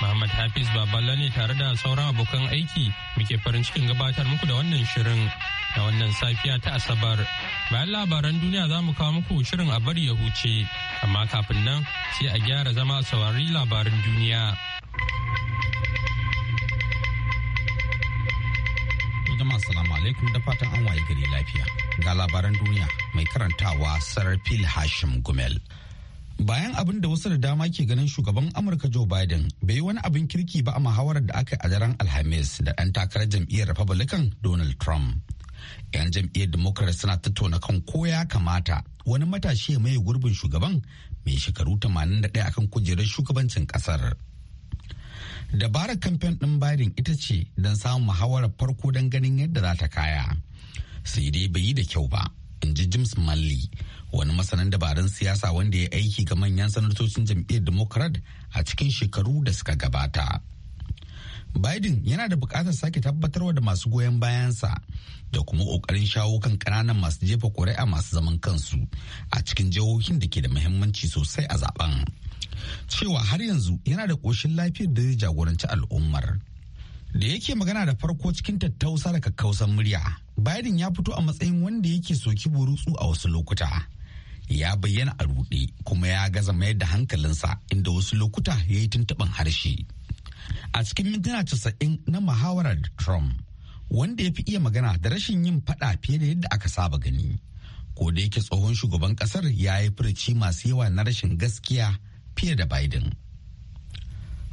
Muhammad Hafiz Baballa ne tare da sauran abokan aiki muke farin cikin gabatar muku da wannan shirin da wannan safiya ta Asabar. Bayan labaran duniya za mu kawo muku shirin a bari ya huce, amma kafin nan sai a gyara zama saurari labarin duniya. Assalamu alaikum da fatan an waye gari lafiya. Ga labaran duniya mai karantawa Sarar Hashim Gumel. bayan abin da wasu da dama ke ganin shugaban amurka joe biden bai yi wani abin kirki ba a muhawarar da aka yi a daren alhamis da ɗan takarar jam'iyyar republican donald trump yan jam'iyyar democrat suna tattauna kan ko ya kamata wani matashi ya maye gurbin shugaban mai shekaru 81 akan kujerar shugabancin kasar dabarar kamfen ɗin biden ita ce don samun muhawarar farko don ganin yadda za ta kaya sai dai bai yi da kyau ba in ji james malley wani masanin dabarun siyasa wanda ya aiki ga manyan sanatocin jam'iyyar democrat a cikin shekaru da suka gabata biden yana da bukatar sake tabbatarwa da masu goyon bayansa da kuma kokarin shawo kan kananan masu jefa kuri'a masu zaman kansu a cikin jihohin da ke da muhimmanci sosai a zaben cewa har yanzu yana da ƙoshin lafiyar da zai jagoranci al'ummar da yake magana da farko cikin tattausa da kakkausan murya biden ya fito a matsayin wanda yake soki burutsu a wasu lokuta ya bayyana a rude kuma ya gaza mayar da hankalinsa inda wasu lokuta ya yi tuntuɓin harshe. A cikin mintuna casa'in na muhawarar Trump, wanda ya fi iya magana da rashin yin faɗa fiye da yadda aka saba gani. Ko da yake tsohon shugaban ƙasar ya yi furici masu yawa na rashin gaskiya fiye da Biden.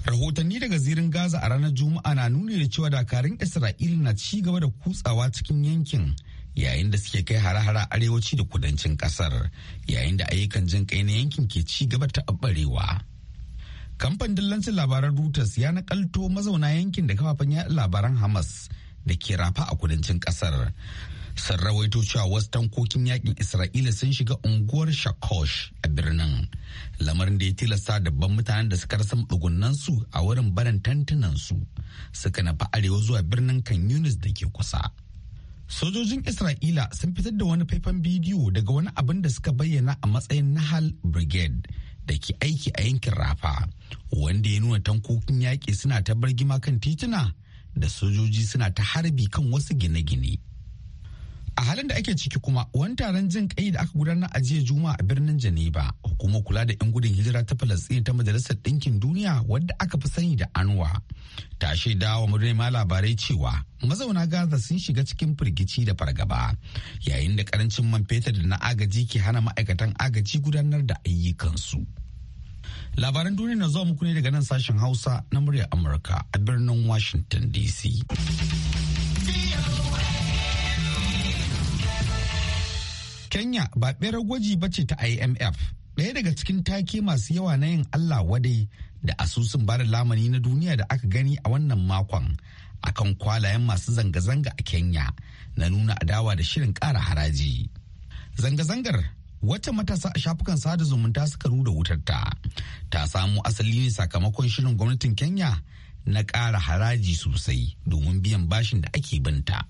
Rahotanni daga zirin Gaza a ranar Juma'a na nuni da cewa dakarun Isra'ila na ci gaba da kutsawa cikin yankin yayin da suke kai hare-hare arewaci da kudancin kasar yayin da ayyukan jin kai na yankin ke ci gaba ta abarewa. Kamfan dillancin labaran Reuters ya nakalto mazauna yankin da kafafen yaɗa labaran Hamas da ke rafa a kudancin kasar. Sun rawaito cewa wasu tankokin yakin Isra'ila sun shiga unguwar Shakosh a birnin. Lamarin da ya tilasta dabban mutanen da suka rasa su a wurin barin su suka nafa arewa zuwa birnin Kan Yunis da ke kusa. Sojojin Isra'ila sun fitar da wani faifan bidiyo daga wani abin da suka bayyana a matsayin Nahal Brigade da ke aiki a yankin Rafa, wanda ya nuna tankokin yaƙi suna ta bargima kan tituna da sojoji suna ta harbi kan wasu gine-gine. a halin da ake ciki kuma wani taron jin kai da aka gudanar a jiya juma'a a birnin janeba hukumar kula da 'yan gudun hijira ta falastin ta majalisar ɗinkin duniya wadda aka fi sani da anuwa. ta shaida wa manema labarai cewa mazauna gaza sun shiga cikin firgici da fargaba yayin da karancin man fetur da na agaji ke hana ma'aikatan agaji gudanar da ayyukansu labaran duniya na zuwa muku ne daga nan sashen hausa na muryar amurka a birnin washington dc Kenya ba ɓerar gwaji ba ce ta IMF. Ɗaya daga cikin take masu yawa na yin Allah wadai da asusun bada lamani na duniya da aka gani a wannan makon akan kwalayen masu zanga-zanga a Kenya na nuna adawa da shirin ƙara haraji. Zanga-zangar wacce matasa a shafukan sada zumunta suka nuna ta ta samu asali ne sakamakon shirin gwamnatin Kenya na ƙara haraji sosai domin biyan bashin da ake binta.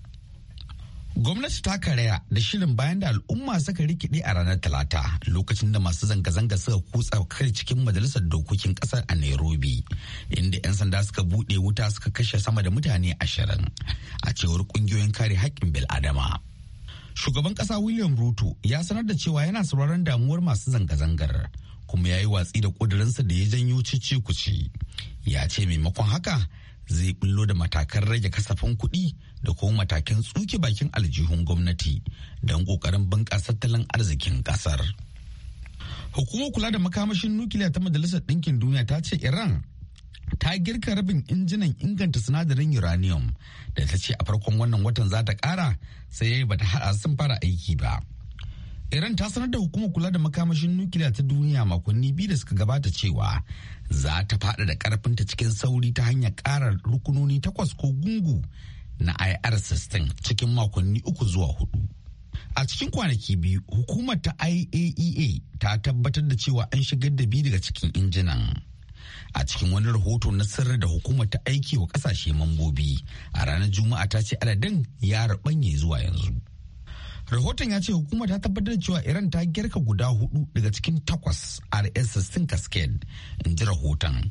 Gwamnati ta karaya da shirin bayan da al'umma suka rikide a ranar Talata lokacin da masu zanga-zanga suka kutsa kai cikin majalisar dokokin kasar a Nairobi, inda 'yan sanda suka buɗe wuta suka kashe sama da mutane ashirin a cewar ƙungiyoyin kare haƙƙin bil'adama. Shugaban ƙasa William Ruto ya sanar da cewa yana sauraron damuwar masu zanga-zangar kuma ya yi watsi da ƙudurinsa da ya janyo cicikuci. Ya ce maimakon haka zai bullo da matakan rage kasafin kuɗi da kuma matakin tsuke bakin aljihun gwamnati don kokarin bunƙasa tattalin arzikin ƙasar. Hukumar kula da makamashin nukiliya ta Majalisar Ɗinkin Duniya ta ce Iran ta girka rabin injinan inganta sinadarin uranium da ta ce a farkon wannan watan za ta ƙara sai yayi bata haɗa sun fara aiki ba. Iran ta sanar da hukumar kula da makamashin nukiliya ta duniya makonni biyu da suka gabata cewa za ta fada da karfinta cikin sauri ta hanyar ƙara rukunoni takwas ko gungu na IR-16 cikin makonni uku zuwa hudu. A cikin kwanaki biyu, hukumar ta IAEA e ta tabbatar da cewa an shigar da biyu daga cikin injinan. A cikin wani rahoto na sirri da hukumar ta aiki wa kasashe mambobi a ranar Juma'a ta ce adadin ya rabanye zuwa yanzu. Rahoton ya ce hukumar ta tabbatar da cewa Iran ta girka guda hudu daga cikin takwas RS-16 Cascade, in ji rahoton.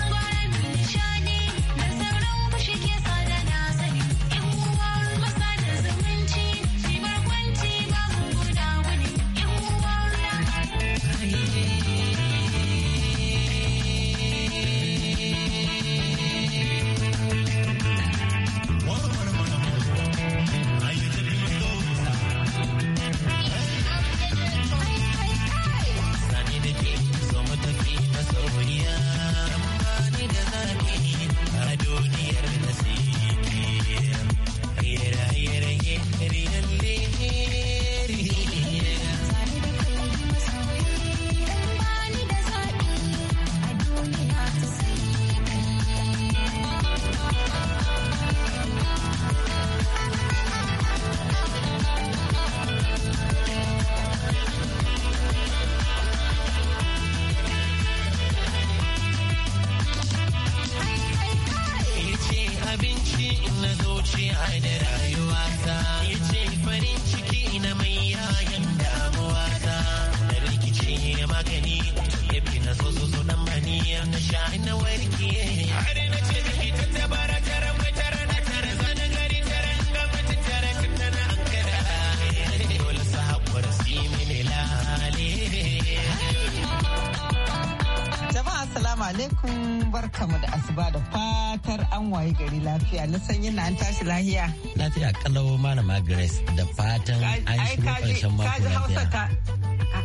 Assalamu alaikum barkamu da asuba da fatar an waye gari lafiya na sanyi na an tashi lahiya. Lafiya kalau malama Grace da fatan an shigo karshen mako lafiya.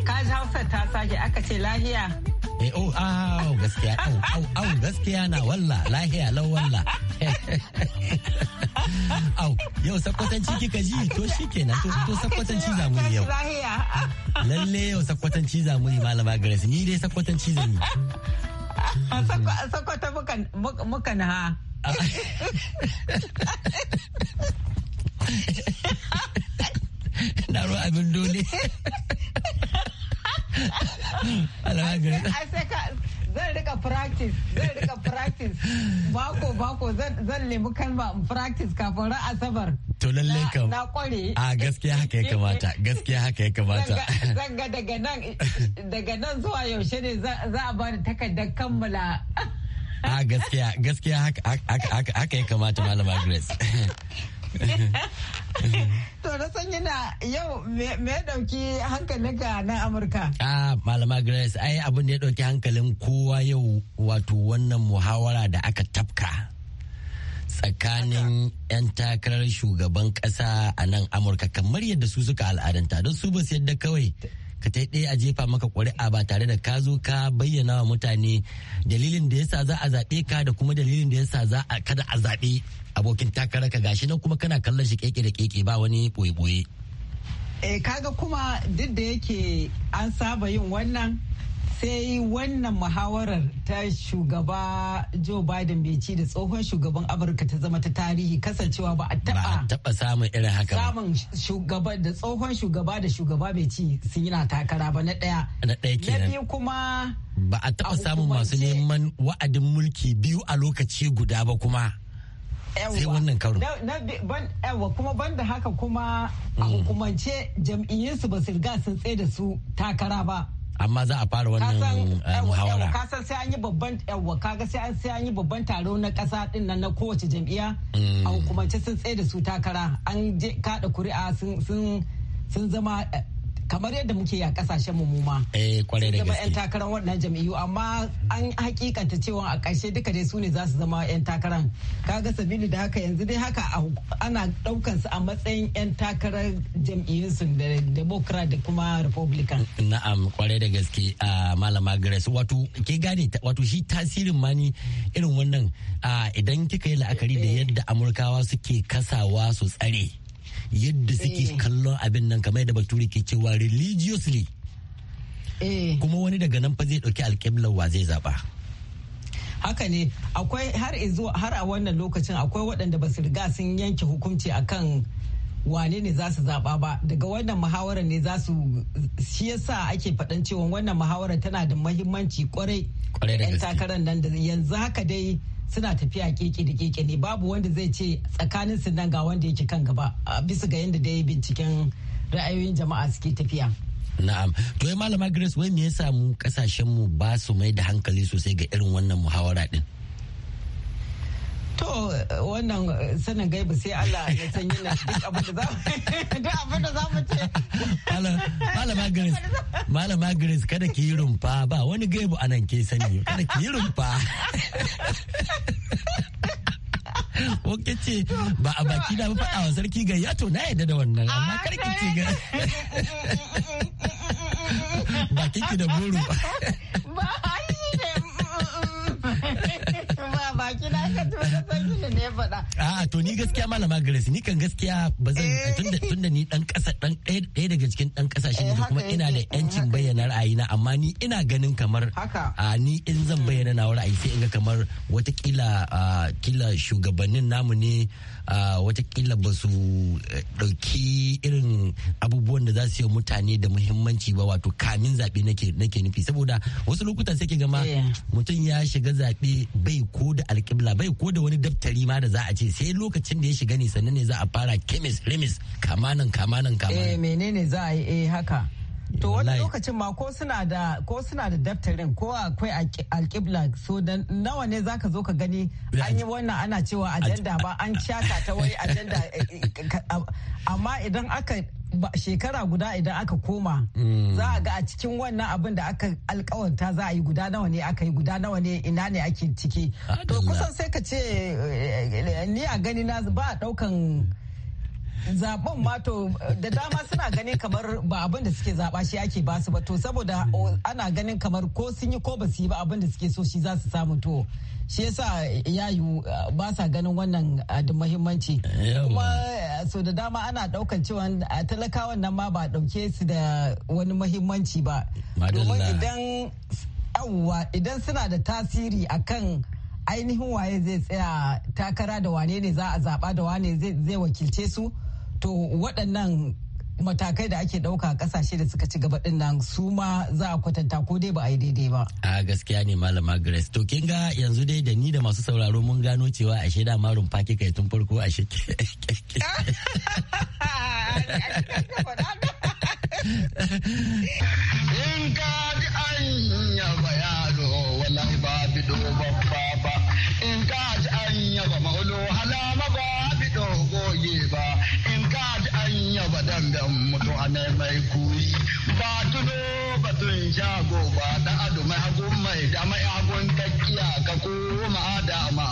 Kaji Hausa ta sake aka ce lahiya. au eh, oh, oh, oh, gaskiya au au gaskiya na walla lahiya lau walla au yau sakwatanci kika ji to shikenan to to sakwatanci zamu yau lalle yau sakwatanci zamu yi malama gares ni dai sakwatanci zan yi sakwata muka na ha na ruwa abin dole zan rika practice zan rika practice bako bako zan nemi kalma practice kafin ran asabar to lallai kam na kware a gaskiya haka ya kamata gaskiya haka ya kamata zan ga daga nan daga nan zuwa yaushe ne za a bani takardar kammala a gaskiya gaskiya haka ya kamata malama grace To na san yana yau me ya dauki hankalinka na Amurka? a Malama Grace, ai abin da ya dauki hankalin kowa yau wato wannan muhawara da aka tafka tsakanin 'yan takarar shugaban kasa a nan Amurka kamar yadda su suka al'adanta don su ba su yadda kawai. ka ta ɗaya a jefa maka ƙuri'a ba tare da ka zo ka bayyana wa mutane dalilin da yasa za a zaɓe ka da kuma dalilin da yasa za a kada a zaɓe abokin takarar ka gashi nan kuma kana kallon shi keke da keke ba wani ɓoye-ɓoye. Eh kaga kuma duk da yake an saba yin wannan sai wannan muhawarar ta shugaba Joe Biden bai ci da tsohon shugaban Amurka ta zama ta tarihi kasancewa ba a taba taba samun irin haka samun shugaba da tsohon shugaba da shugaba bai ci sun yi na takara ba na daya na daya kenan na biyu kuma ba a taba samun masu neman wa'adin mulki biyu a lokaci guda ba kuma sai wannan karo. Yawa kuma banda haka kuma a mm. hukumance jam'iyyinsu ba su riga sun tsaye da su takara ba. amma za a fara wannan eh, muhawara ka san sai an yi babban yawa kaga sai an sai an yi babban taro na kasa din nan na kowace jam'iyya mm. a hukumance sun tsaye da su takara an je kada kuri'a sun sun zama eh, kamar yadda muke a kasashen mu ma. Eh kwarai da gaske. Zama 'yan takarar wannan jam'iyyu amma an hakikanta cewa a ƙarshe duka dai su ne za su zama 'yan takarar. Kaga sabili da haka yanzu dai haka ana ɗaukan su a matsayin 'yan takarar jam'iyyun su da Democrat da kuma Republican. Na'am kwarai da gaske a malama Grace wato ke gane wato shi tasirin mani irin wannan idan kika yi la'akari da eh, eh. yadda Amurkawa suke kasawa su tsare. yadda suke eh. kallon abin nan kamar yadda bature ke cewa religiously eh. kuma wani daga nan fa zai dauki alƙiblar wa zai zaba haka ne akwai har izo har a wannan lokacin akwai waɗanda ba su riga sun yanke hukunci akan wane ne za su zaba ba daga wannan muhawarar ne za su shi yasa ake faɗan cewa wannan muhawarar tana da muhimmanci kwarai kwarai da takarar nan da yanzu haka dai suna tafiya keke da keke ne babu wanda zai ce tsakanin su nan ga wanda yake kan gaba bisa ga yadda dai binciken ra'ayoyin jama'a suke tafiya na'am to eh, malama grace wai me ya mu kasashen mu ba su mai da hankali sosai ga irin wannan muhawara din wannan eh, sanin gaibu sai Allah ya san yana duk abin da za mu ce. Malama Grace, Malama Grace kada ki yi rumfa ba wani gaibu anan ke sani kada ki yi rumfa. Wake ce ba a baki na faɗa wa sarki gayya to na yadda da wannan amma karki ce ga ba ki da buru. Mm, mm, mm. Ba baki na A'a to ni gaskiya malama Grace ni kan gaskiya ba zan eh. tunda ni dan kasa dan ɗaya daga cikin dan kasashe eh, ne kuma ina da yancin bayyana na amma ni ina ganin kamar a ni in zan hmm. bayyana na ra'ayi sai in ga kamar wata kila shugabannin namu ne kila ba su eh, ɗauki irin abubuwan da za su yi mutane da muhimmanci ba wato kamin zaɓe nake nufi saboda wasu lokuta sai ke gama mutum ya shiga zaɓe bai ko da alƙibla bai bai ko da wani daftari ma da za a ce sai lokacin da ya shiga ne sannan ne za a fara kemis remis kamanin kamanin. kamanin eh menene za a yi eh haka to wani lokacin ma ko suna da ko suna da daftarin ko akwai alƙibla so dan nawa ne zaka zo ka gani an yi wannan ana cewa agenda ba an ciyata ta wani agenda eh, eh, amma idan aka shekara guda idan aka koma hmm. za a ga a cikin wannan abin da aka alkawanta za a yi guda nawa ne aka yi guda nawa ne ina ne ake ciki to kusan sai ka ce eh, eh, eh, ni a gani na ba a daukan zaben mato da dama suna ganin kamar ba abin da suke zaba shi ake ba su ba to saboda ana ganin kamar ko sun yi ko ba su yi ba abin da suke so shi za su samu to shi yasa yayu ba sa ganin wannan da muhimmanci kuma so da dama ana daukan cewa talakawan nan ma ba dauke su da wani muhimmanci ba domin idan yawwa idan suna da tasiri akan ainihin waye zai tsaya takara da wane ne za a zaba da wane zai wakilce su to waɗannan matakai da ake ɗauka kasashe da suka ci gaba nan su ma za a kwatanta ko dai ba a yi daidai ba. A gaskiya ne malama Grace. To kin yanzu dai da ni da masu sauraro mun gano cewa ashe da ma rumfa kika tun farko ashe. In ka ji an yaba yaro wallahi ba do babba ba. In ka ji an yaba maulo halama ba bido goge ba. kan da mutu a mai kuyi ba tuno batun shago ba da adu mai hagun mai da mai hagun kakkiya ka koma adama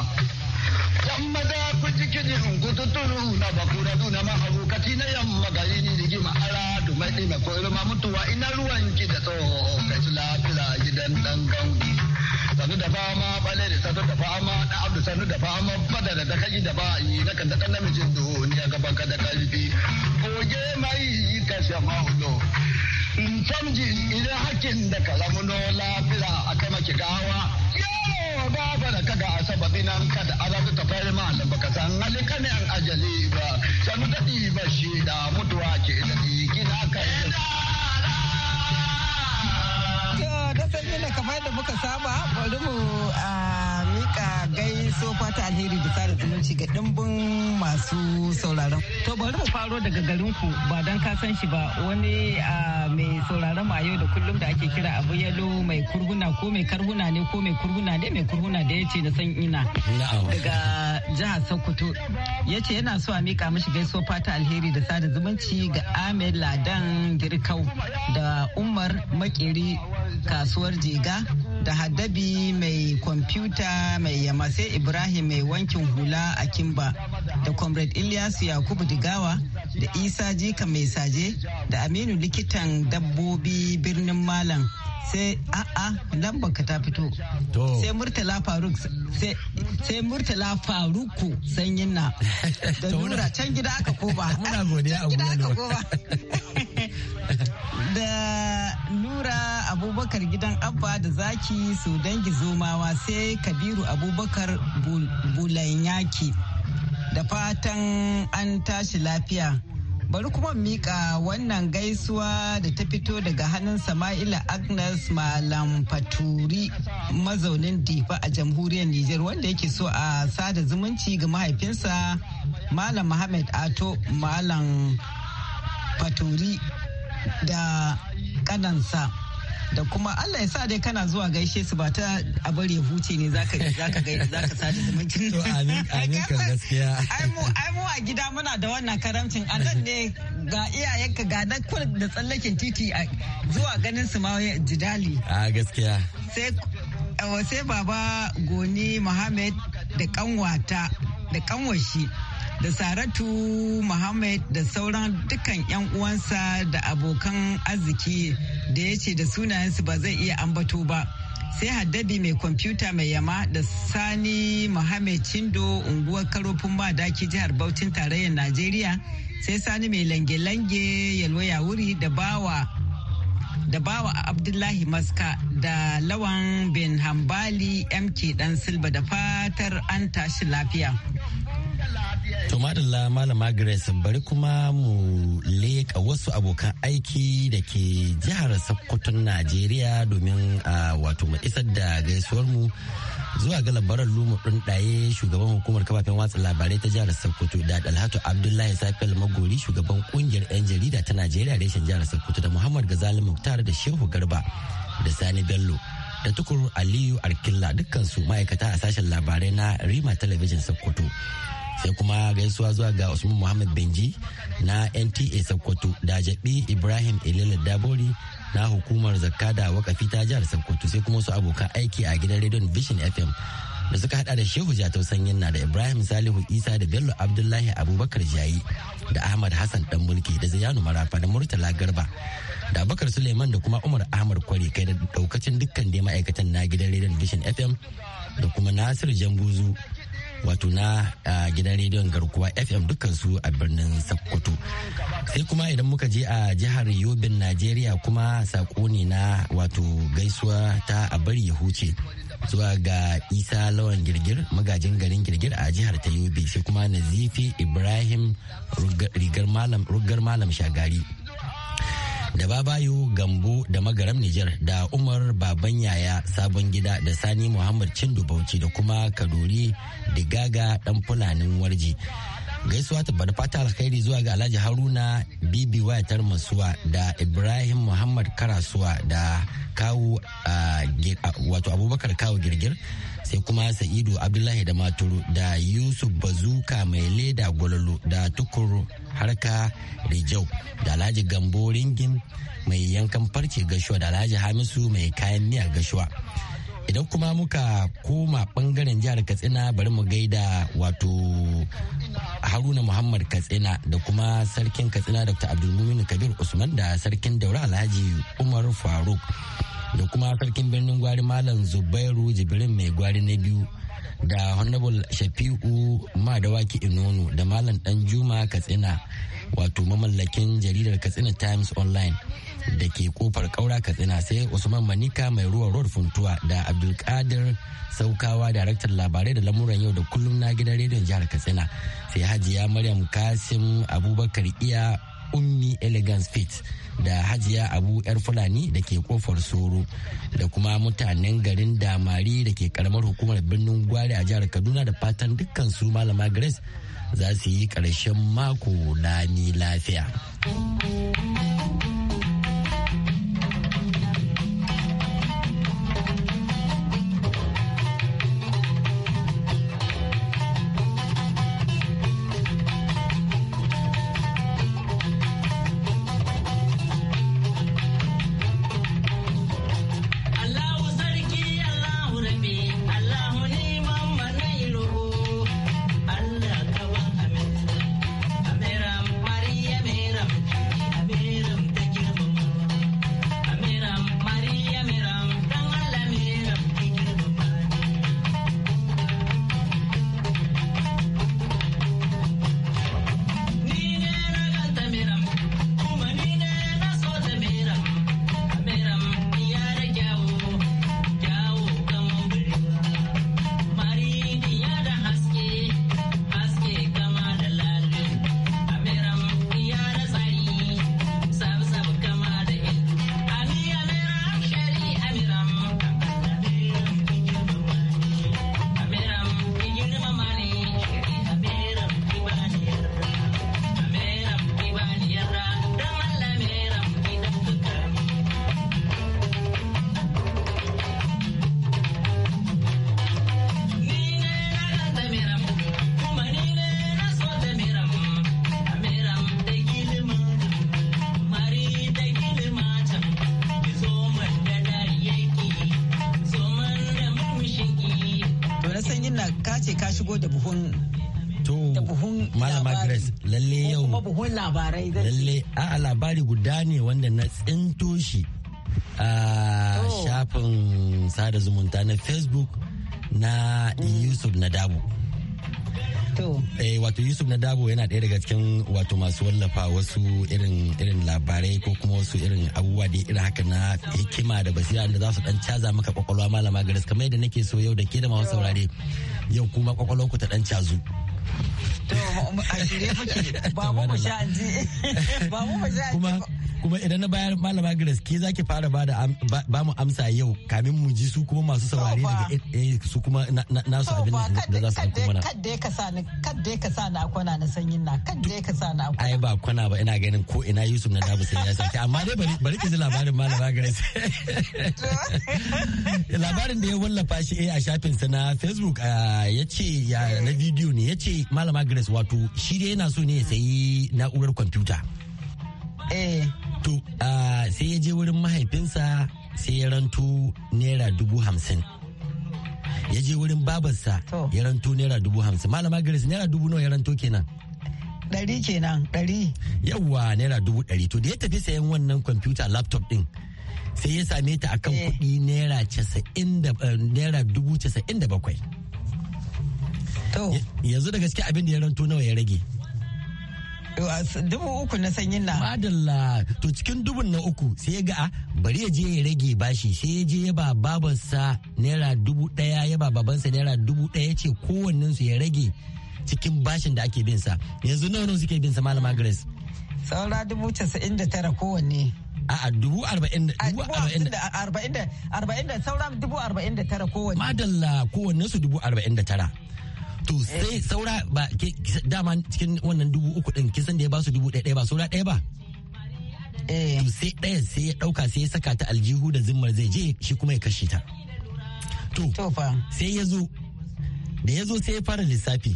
yamma da ku jikinin kututuru na bakura nuna ma abokaci na yamma gari ni rigima ala mai ɗime ko ilma mutuwa ina ruwanki da tsoho su lafiya gidan ɗan gangu da fama bane da sadu da fama da abdu sanu da fama fada da ta kaji da ba yi na kan da namijin do ne ga banka da kalbi oje mai ka shama hudo in canji idan hakin da kalamuno lafira a kama kigawa yaro ba ba da kaga a sababi nan kada alazu ta fari ma da baka san halika an ajali ba sanu daɗi ba shi da mutuwa ke da na sanyi na kamar da muka saba bari mu mika gaiso fata alheri da sada zumunci ga dimbin masu sauraron. To bari mu faro daga garin ku ba dan ka san shi ba wani mai sauraron ma yau da kullum da ake kira abu yalo mai kurhuna ko mai karhuna ne ko mai kurhuna ne mai kurhuna da yace na san ina. Daga jihar Sokoto yace yana so a mika mishi gaiso fata alheri da sada zumunci ga Ahmed Ladan Girkau da Umar Makeri kasuwar jega da haddabi mai kwamfuta mai yamma sai ibrahim mai wankin hula a kimba da comrade ilyasu yakubu digawa da isa jika mai saje da aminu likitan dabbobi birnin malam sai a'a lambar ka ta fito sai murtala faruk sai murtala faruku sanyin na da nura can gida aka koba muna godiya a da nura abubakar gidan abba da zaki su dangi zomawa sai kabiru abubakar bulanyaki da fatan an tashi lafiya bari kuma mika wannan gaisuwa da ta fito daga hannun sama'ila agnes malam faturi mazaunin difa a jamhuriyar niger wanda yake so a sada zumunci ga mahaifinsa malam muhammad ato malam faturi da kanansa da kuma Allah ya sa dai kana zuwa gaishe su ba ta a bari ya huce ne zaka za ka sa da zumuncin to amin gaskiya ai mu ai mu a gida muna da wannan karamcin a nan ne ga iyayenka ga da tsallakin titi zuwa ganin su ma gaskiya sai baba goni Muhammad da kanwata da kanwashi da saratu muhammad da sauran dukkan 'yan uwansa da abokan arziki da ya ce da sunayensu ba zai iya ambato ba sai Haddabi mai kwamfuta mai yama da sani muhammad cindo unguwar karofin madaki jihar Bauchin tarayyar najeriya sai sani mai lange-lange yalwaya wuri da bawa da bawa abdullahi maska da lawan bin hambali mk dan silba da fatar an tashi lafiya to madalla malama grace bari kuma mu leƙa wasu abokan aiki da ke jihar sokoton najeriya domin ah, wato mu isar da gaisuwar mu zuwa ga labaran lumu ɗin ɗaye shugaban hukumar kafafen watsa labarai ta jihar sokoto da dalhatu abdullahi safiyar magori shugaban kungiyar 'yan jarida ta najeriya reshen jihar sokoto da muhammad gazali muktar da shehu garba da sani bello da tukur aliyu arkilla dukkansu ma'aikata a sashen labarai na rima talabijin sokoto sai kuma gaisuwa zuwa ga usman muhammad benji na nta sokoto da jabi ibrahim ilila dabori na hukumar zakka da wakafi ta jihar sokoto sai kuma su abokan aiki a gidan rediyon vision fm da suka hada da shehu jatau sanyin na da ibrahim salihu isa da bello abdullahi abubakar jayi da ahmad hassan dan mulki da ziyanu marafa da murtala garba da abubakar suleiman da kuma umar ahmad kwari kai da daukacin dukkan dai ma'aikatan na gidan rediyon vision fm da kuma nasiru jambuzu wato na gidan rediyon garkuwa fm dukansu a birnin sokoto sai kuma idan muka je a jihar yobin najeriya kuma sako ne na wato gaisuwa ta a bari ya huce zuwa ga isa lawan girgir magajin garin girgir a jihar ta yobe sai kuma nazifi ibrahim rigar malam shagari da babayo gambo da magaram Nijar da umar baban yaya sabon gida da sani muhammad cindu bauchi da kuma kaduri digaga dan fulanin warji gaisuwa ta bada fata alkhairi zuwa ga alhaji haruna bibi wayatar masuwa da ibrahim muhammad karasuwa da kawu wato abubakar kawu girgir sai kuma sa'idu abdullahi da maturu da yusuf bazuka mai leda gwalolo da tukur harka rijau da alhaji gambo ringin mai yankan farce gashuwa da alhaji hamisu mai kayan miya gashuwa idan kuma muka koma bangaren jihar katsina bari mu gaida wato haruna muhammad katsina da kuma sarkin katsina dr abdulmumin kabir usman da sarkin daura alhaji umar faruk da kuma sarkin birnin gwari malam zubairu jibirin mai gwari na biyu da honorable shafi'u madawaki inono da malam dan juma katsina wato mamallakin jaridar katsina times online da ke kofar kaura katsina sai usman manika mai ruwa road funtuwa da abdulkadir saukawa daraktar labarai da lamuran yau da kullum na gidan rediyon jihar katsina sai hajiya maryam kasim abubakar iya ummi elegance fit da hajiya abu yar fulani da ke kofar soro da kuma mutanen garin damari da ke karamar hukumar birnin gwari a jihar kaduna da fatan dukkan su malama grace za su yi ƙarshen mako lami lafiya. lalle yau kuma buhun labarai lalle a labari guda ne wanda na tsinto shi a shafin sada zumunta na facebook na mm. yusuf nadabu Eh, wato yusuf nadabu yana ɗaya daga cikin wato masu wallafa wasu irin irin labarai ko kuma wasu irin abubuwa da irin haka na hikima da basira da za su dan caza maka kwakwalwa malama garis kamar yadda nake so yau da ke da masu saurare yau kuma kwakwalwa ku ta dan cazu kuma kuma idan na bayar malama Grace ke zaki fara ba da ba mu amsa yau kamin mu ji su kuma masu saurare daga su kuma nasu abin da za su kuma na. Kadda ka sa ni kadda ka sa ni kwana na sanyin na kadda ka sa ni kwana Ai ba kwana ba ina ganin ko ina Yusuf na dabu sai ya sake amma dai bari bari ki ji labarin malama Grace. Labarin da ya wallafa shi eh, a shafin sa na Facebook ya ce na bidiyo ne ya ce malama Grace wato shi dai yana so ne ya sayi na'urar kwamfuta. Eh. to sai ya je wurin mahaifinsa sai ya ranto naira dubu hamsin ya je wurin babarsa ya ranto naira dubu hamsin malama grace naira dubu nawa ya ranto kenan ɗari kenan ɗari yawwa naira dubu ɗari to da ya tafi sayan wannan kwamfuta laptop ɗin sai ya same ta kan eh. kuɗi naira casa'in da eh, naira dubu casa'in da bakwai yanzu da gaske abin da ya ranto nawa ya rage dubu uku na sanyin na madalla to cikin dubun na uku sai ga ah, bari ya je ya rage bashi sai ya je ya ba babansa naira dubu daya ya ba babansa naira dubu daya ce su ya rage cikin bashin da ake bin sa yanzu nawa nawa suke bin sa malama grace saura dubu casa'in da tara kowanne a'a dubu arba'in da dubu arba'in da arba'in da saura dubu arba'in da tara kowanne madalla kowanne su dubu arba'in da tara to eh. sai saura ba dama cikin wannan dubu uku din kin san da ya ba su dubu ɗaya ba saura ɗaya ba eh. to sai ɗaya sai ya ɗauka sai ya saka ta aljihu da zimmar zai je shi kuma ya kashe ta to sai ya zo da ya zo sai ya fara lissafi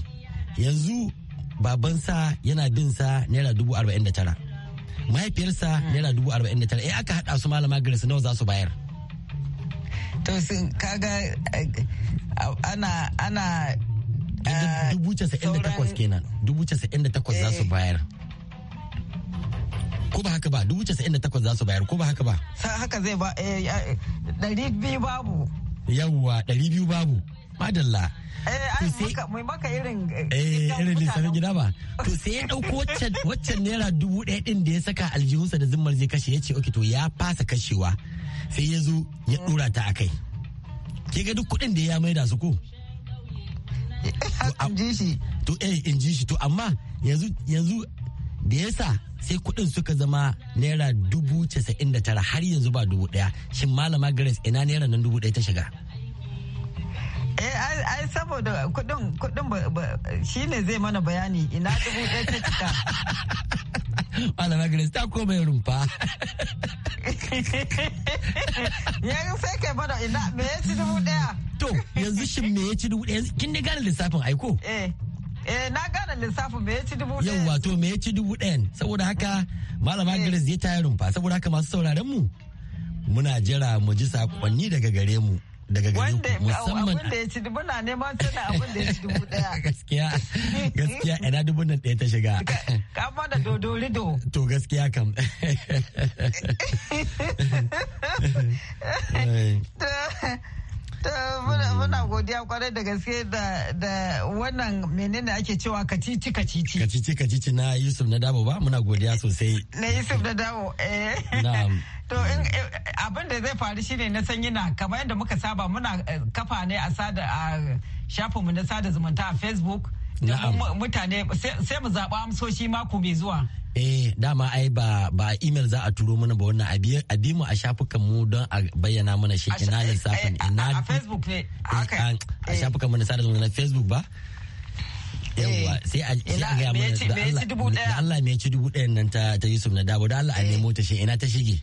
yanzu babansa yana bin sa naira dubu arba'in da tara mahaifiyarsa hmm. naira dubu arba'in da tara eh aka haɗa su malama grace nawa za su bayar to sun kaga eh, ana ana Ah, dubu casa'in da takwas kenan dubu casa'in da takwas za su eh. bayar ko ba haka ba dubu casa'in da takwas za su bayar ko ba haka ba haka zai ba eh, ɗari biyu babu yawwa ɗari biyu babu madalla eh, mai maka irin irin lissafin gida ba to sai ya dauko waccan naira dubu ɗaya ɗin da ya saka aljihunsa da zimmar zai kashe ya ce oke to ya fasa kashewa sai ya zo ya ɗora ta a kai ke ga duk kuɗin da ya maida su ko in eh, ji shi to eh in ji shi to amma yanzu yanzu da yasa sai kuɗin suka zama naira dubu casa'in da tara har yanzu ba dubu ɗaya shin malama grace ina naira nan dubu ɗaya ta shiga eh ai saboda kuɗin kuɗin shi ne zai mana bayani ina dubu ɗaya ta shiga malama grace ta koma rumfa yanzu sai kai bada ina me ya ci dubu daya to yanzu shin me ya ci dubu daya kin ne gane lissafin aiko eh, eh na gane lissafin me ya ci dubu daya. Yawwa to me ya ci dubu daya saboda haka malama eh. Grace zai tayar rumfa saboda haka masu sauraron mu muna jira mu ji sakonni daga gare mu daga gare ku musamman abin da ya ci dubu na neman tana abin da ya ci dubu daya gaskiya gaskiya ina dubu nan ɗaya ta shiga ka ba da dodo rido to gaskiya kam muna godiya kwarai da gaske da wannan menene ake cewa kacici kacici kacici kacici na yusuf na dabo ba muna godiya sosai na yusuf na dabo eh to eh, abin da zai faru shine na san yana kamar yadda muka saba muna eh, kafa ne a sada a shafinmu na sada zumunta a facebook da mutane sai mu zaɓa amsoshi mako mai zuwa eh dama ai ba ba email za a turo mana ba wannan a bi mu a shafukan mu don a bayyana mana shi ina lissafin eh, eh, ina a facebook ne eh, a shafukan mu na sada zumunta na facebook ba yawwa sai a gaya mana da Allah me ya ci dubu ɗaya nan ta Yusuf na dabo da Allah a nemo ta shi ina ta shige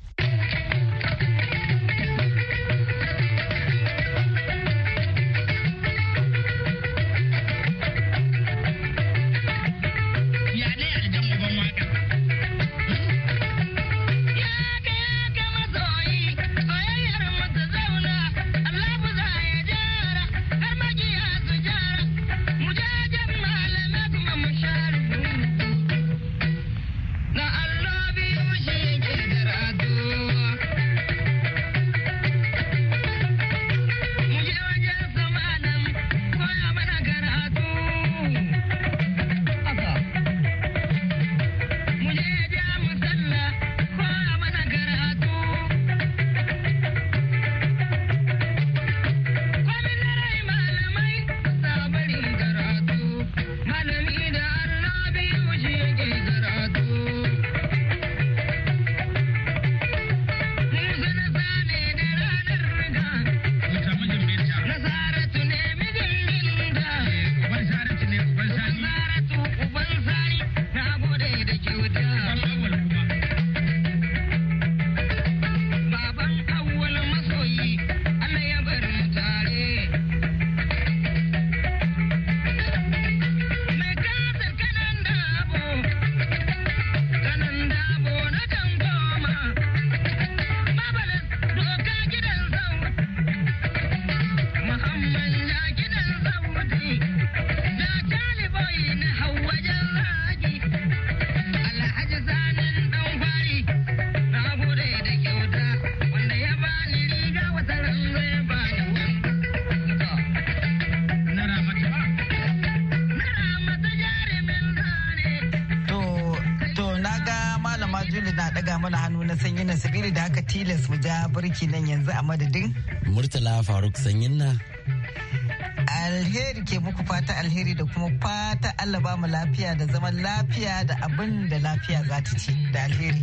nan sabili da aka tilas mu ja burki nan yanzu a madadin murtala faruk sanyin na alheri ke muku fata alheri da kuma fata allah ba mu lafiya da zaman lafiya da abin da lafiya za ta ci da alheri